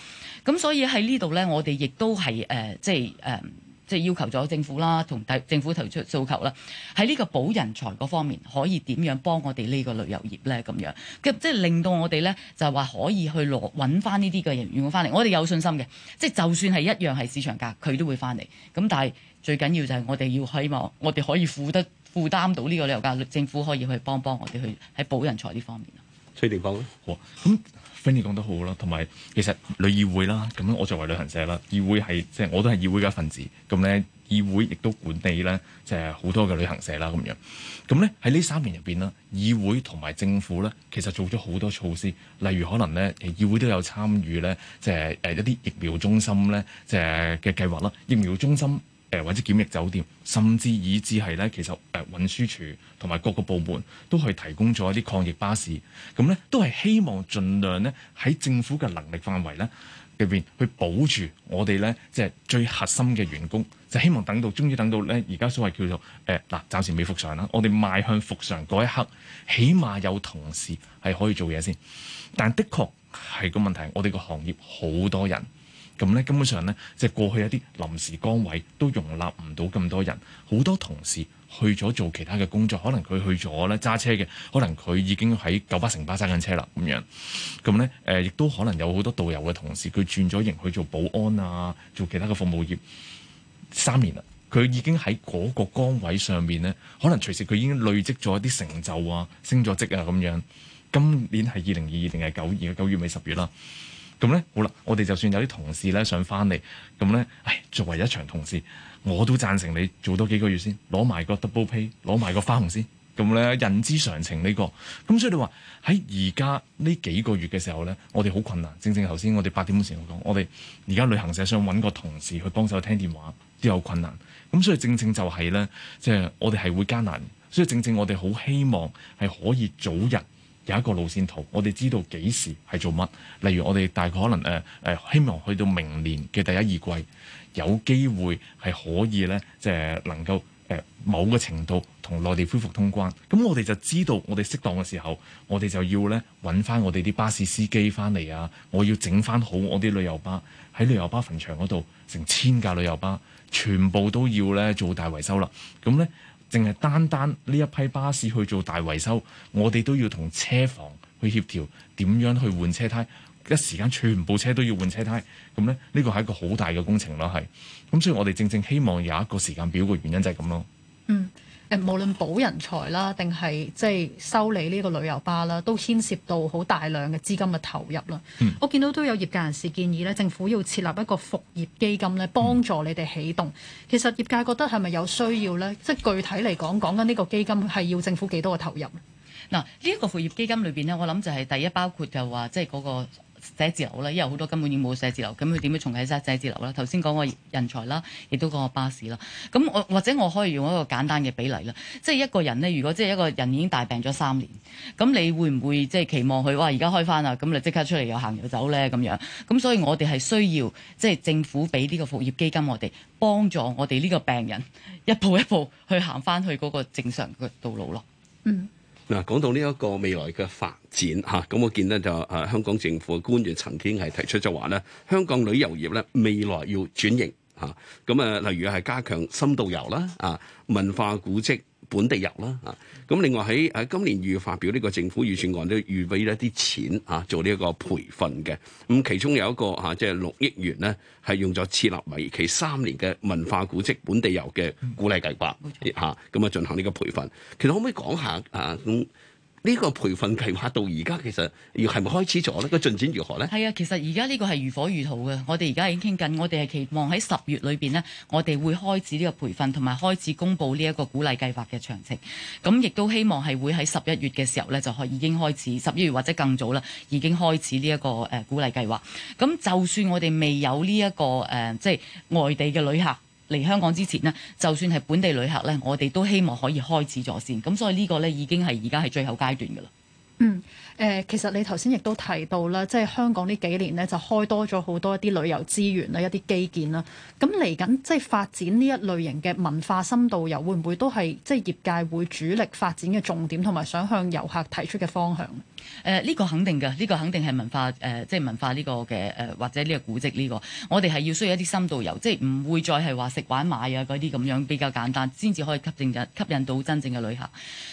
C: 咁所以喺呢度咧，我哋亦都係誒，即係誒。即係要求咗政府啦，同第政府提出訴求啦，喺呢個保人才嗰方面，可以點樣幫我哋呢個旅遊業咧？咁樣，即係令到我哋咧，就話可以去攞揾翻呢啲嘅人員翻嚟。我哋有信心嘅，即係就算係一樣係市場價，佢都會翻嚟。咁但係最緊要就係我哋要希望，我哋可以負得負擔到呢個旅遊價，政府可以去幫幫我哋去喺保人才呢方面。
D: 吹地方咯。哇！咁 Fanny 講得好啦，同埋其實旅議會啦，咁我作為旅行社啦，議會係即係我都係議會嘅一份子，咁咧議會亦都管理咧，即係好多嘅旅行社啦咁樣。咁咧喺呢三年入邊啦，議會同埋政府咧，其實做咗好多措施，例如可能咧，議會都有參與咧，即係誒一啲疫苗中心咧，即係嘅計劃啦，疫苗中心。誒，或者檢疫酒店，甚至以至係咧，其實誒運輸署同埋各個部門都去提供咗一啲抗疫巴士，咁咧都係希望盡量咧喺政府嘅能力範圍咧入邊去保住我哋咧即係最核心嘅員工，就是、希望等到終於等到咧而家所謂叫做誒嗱，暫、呃、時未復常啦，我哋邁向復常嗰一刻，起碼有同事係可以做嘢先。但的確係個問題，我哋個行業好多人。咁咧根本上咧，即係過去一啲臨時崗位都容納唔到咁多人，好多同事去咗做其他嘅工作，可能佢去咗咧揸車嘅，可能佢已經喺九巴城巴揸緊車啦咁樣。咁咧誒，亦都可能有好多導遊嘅同事，佢轉咗型去做保安啊，做其他嘅服務業。三年啦，佢已經喺嗰個崗位上面咧，可能隨時佢已經累積咗一啲成就啊，升咗職啊咁樣。今年係二零二二定係九二？九月尾十月啦。咁咧，好啦，我哋就算有啲同事咧想翻嚟，咁咧，唉，作為一場同事，我都贊成你做多幾個月先，攞埋個 double pay，攞埋個花紅先。咁咧，人之常情呢個。咁所以你話喺而家呢幾個月嘅時候咧，我哋好困難。正正頭先我哋八點鐘前我講，我哋而家旅行社想揾個同事去幫手聽電話，都有困難。咁所以正正就係咧，即係我哋係會艱難。所以正正我哋好希望係可以早日。有一個路線圖，我哋知道幾時係做乜。例如我哋大概可能誒誒、呃，希望去到明年嘅第一第二季，有機會係可以咧，即係能夠誒、呃、某個程度同內地恢復通關。咁我哋就知道，我哋適當嘅時候，我哋就要咧揾翻我哋啲巴士司機翻嚟啊！我要整翻好我啲旅遊巴，喺旅遊巴墳場嗰度成千架旅遊巴，全部都要咧做大維修啦。咁咧。淨係單單呢一批巴士去做大維修，我哋都要同車房去協調點樣去換車胎，一時間全部車都要換車胎，咁咧呢個係一個好大嘅工程咯，係。咁、嗯、所以我哋正正希望有一個時間表嘅原因就係咁咯。嗯。
A: 無論補人才啦，定係即係修理呢個旅遊巴啦，都牽涉到好大量嘅資金嘅投入啦。嗯、我見到都有業界人士建議咧，政府要設立一個復業基金咧，幫助你哋起動。其實業界覺得係咪有需要呢？即係具體嚟講，講緊呢個基金係要政府幾多個投入？
C: 嗱，呢一個復業基金裏邊咧，我諗就係第一包括就話即係嗰個。寫字樓啦，因為好多根本已經冇寫字樓，咁佢點樣重啟曬寫字樓啦？頭先講個人才啦，亦都講個巴士啦。咁我或者我可以用一個簡單嘅比例啦，即係一個人咧，如果即係一個人已經大病咗三年，咁你會唔會即係期望佢哇而家開翻啊？咁你即刻出嚟又行又走咧咁樣？咁所以我哋係需要即係政府俾呢個復業基金我，我哋幫助我哋呢個病人一步一步去行翻去嗰個正常嘅道路咯。嗯。
B: 嗱，講到呢一個未來嘅發展嚇，咁我見咧就誒香港政府嘅官員曾經係提出就話咧，香港旅遊業咧未來要轉型嚇，咁誒例如係加強深度遊啦，啊文化古蹟本地遊啦啊。咁另外，喺喺今年預發表呢個政府預算案都預備一啲錢嚇做呢一個培訓嘅。咁其中有一個嚇，即係六億元咧係用咗設立為期三年嘅文化古蹟本地遊嘅鼓勵計劃嚇，咁啊、嗯、進行呢個培訓，其實可唔可以講下啊咁？嗯呢個培訓計劃到而家其實係咪開始咗呢？個進展如何呢？係
C: 啊，其實而家呢個係如火如荼嘅。我哋而家已經傾緊，我哋係期望喺十月裏邊呢，我哋會開始呢個培訓，同埋開始公布呢一個鼓勵計劃嘅詳情。咁亦都希望係會喺十一月嘅時候呢，就開已經開始，十一月或者更早啦，已經開始呢一個誒鼓勵計劃。咁就算我哋未有呢、這、一個誒、呃，即係外地嘅旅客。嚟香港之前呢，就算係本地旅客呢，我哋都希望可以開始咗先，咁所以呢個呢已經係而家係最後階段㗎喇。
A: 嗯，誒，其實你頭先亦都提到啦，即係香港呢幾年呢，就開多咗好多一啲旅遊資源啦，一啲基建啦。咁嚟緊即係發展呢一類型嘅文化深度遊，會唔會都係即係業界會主力發展嘅重點，同埋想向遊客提出嘅
C: 方向？誒、呃，呢、呢個肯定嘅，呢、呢個肯定係文化誒，即、呃、係、就係、文化呢個嘅誒、呃，或者呢個古蹟呢、呢個，我哋係要需要一啲深度遊，即係唔會再係話食玩買啊嗰啲咁樣比較簡單，先至可以吸引吸引到真正嘅旅客。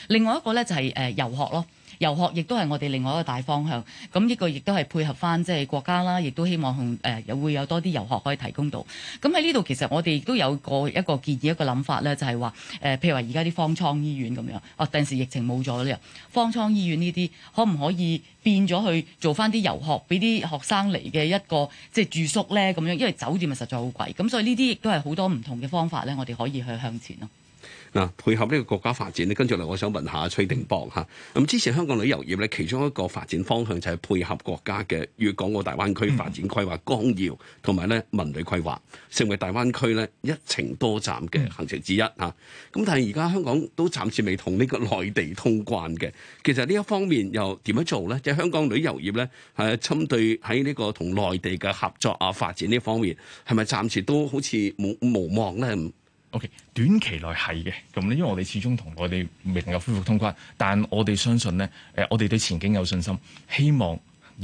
C: 另外一個呢，就係、係、誒、呃、遊學咯。遊學亦都係我哋另外一個大方向，咁呢個亦都係配合翻即係國家啦，亦都希望同又、呃、會有多啲遊學可以提供到。咁喺呢度其實我哋亦都有個一個建議，一個諗法咧，就係話誒，譬如話而家啲方艙醫院咁樣，哦、啊，定時疫情冇咗呢，方艙醫院呢啲可唔可以變咗去做翻啲遊學，俾啲學生嚟嘅一個即係、就是、住宿咧咁樣？因為酒店啊實在好貴，咁所以呢啲亦都係好多唔同嘅方法咧，我哋可以去向前咯。
B: 嗱，配合呢個國家發展咧，跟住嚟，我想問下崔定邦嚇。咁之前香港旅遊業咧，其中一個發展方向就係配合國家嘅粵港澳大灣區發展規劃綱要，同埋咧文旅規劃，成為大灣區咧一程多站嘅行程之一嚇。咁但係而家香港都暫時未同呢個內地通關嘅。其實呢一方面又點樣做咧？即係香港旅遊業咧，係針對喺呢個同內地嘅合作啊發展呢方面，係咪暫時都好似無無望咧？OK，短期
D: 內係嘅，咁呢，因為我哋始終同我哋未能夠恢復通關，但我哋相信呢，誒，我哋對前景有信心，希望二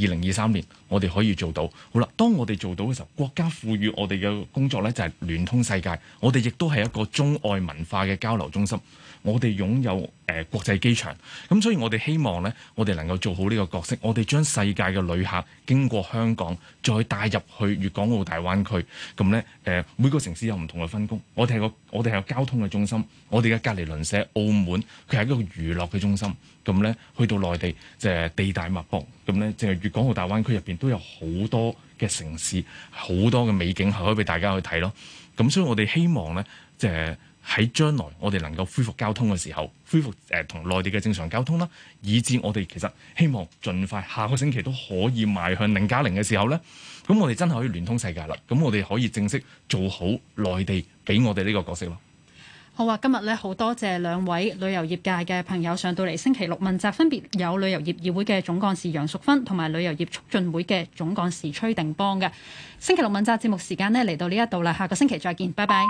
D: 零二三年我哋可以做到。好啦，當我哋做到嘅時候，國家賦予我哋嘅工作呢，就係聯通世界，我哋亦都係一個中外文化嘅交流中心，我哋擁有，誒，國際機場，咁所以我哋希望呢，我哋能夠做好呢個角色，我哋將世界嘅旅客經過香港，再帶入去粵港澳大灣區。咁呢，誒、呃、每個城市有唔同嘅分工，我哋係個我哋係個交通嘅中心，我哋嘅隔離鄰舍澳門，佢係一個娛樂嘅中心。咁呢，去到內地，即、就、係、是、地大物博，咁呢，淨係粵港澳大灣區入邊都有好多嘅城市，好多嘅美景係可以俾大家去睇咯。咁所以我哋希望呢，即、就、係、是。喺將來我哋能夠恢復交通嘅時候，恢復誒同、呃、內地嘅正常交通啦，以至我哋其實希望盡快下個星期都可以邁向零加零嘅時候呢。咁我哋真係可以聯通世界啦。咁我哋可以正式做好內地俾我哋呢個角色咯。
A: 好啊，今日咧好多謝兩位旅遊業界嘅朋友上到嚟星期六問責，分別有旅遊業議會嘅總幹事楊淑芬同埋旅遊業促進會嘅總幹事崔定邦嘅星期六問責節目時間呢，嚟到呢一度啦，下個星期再見，拜拜。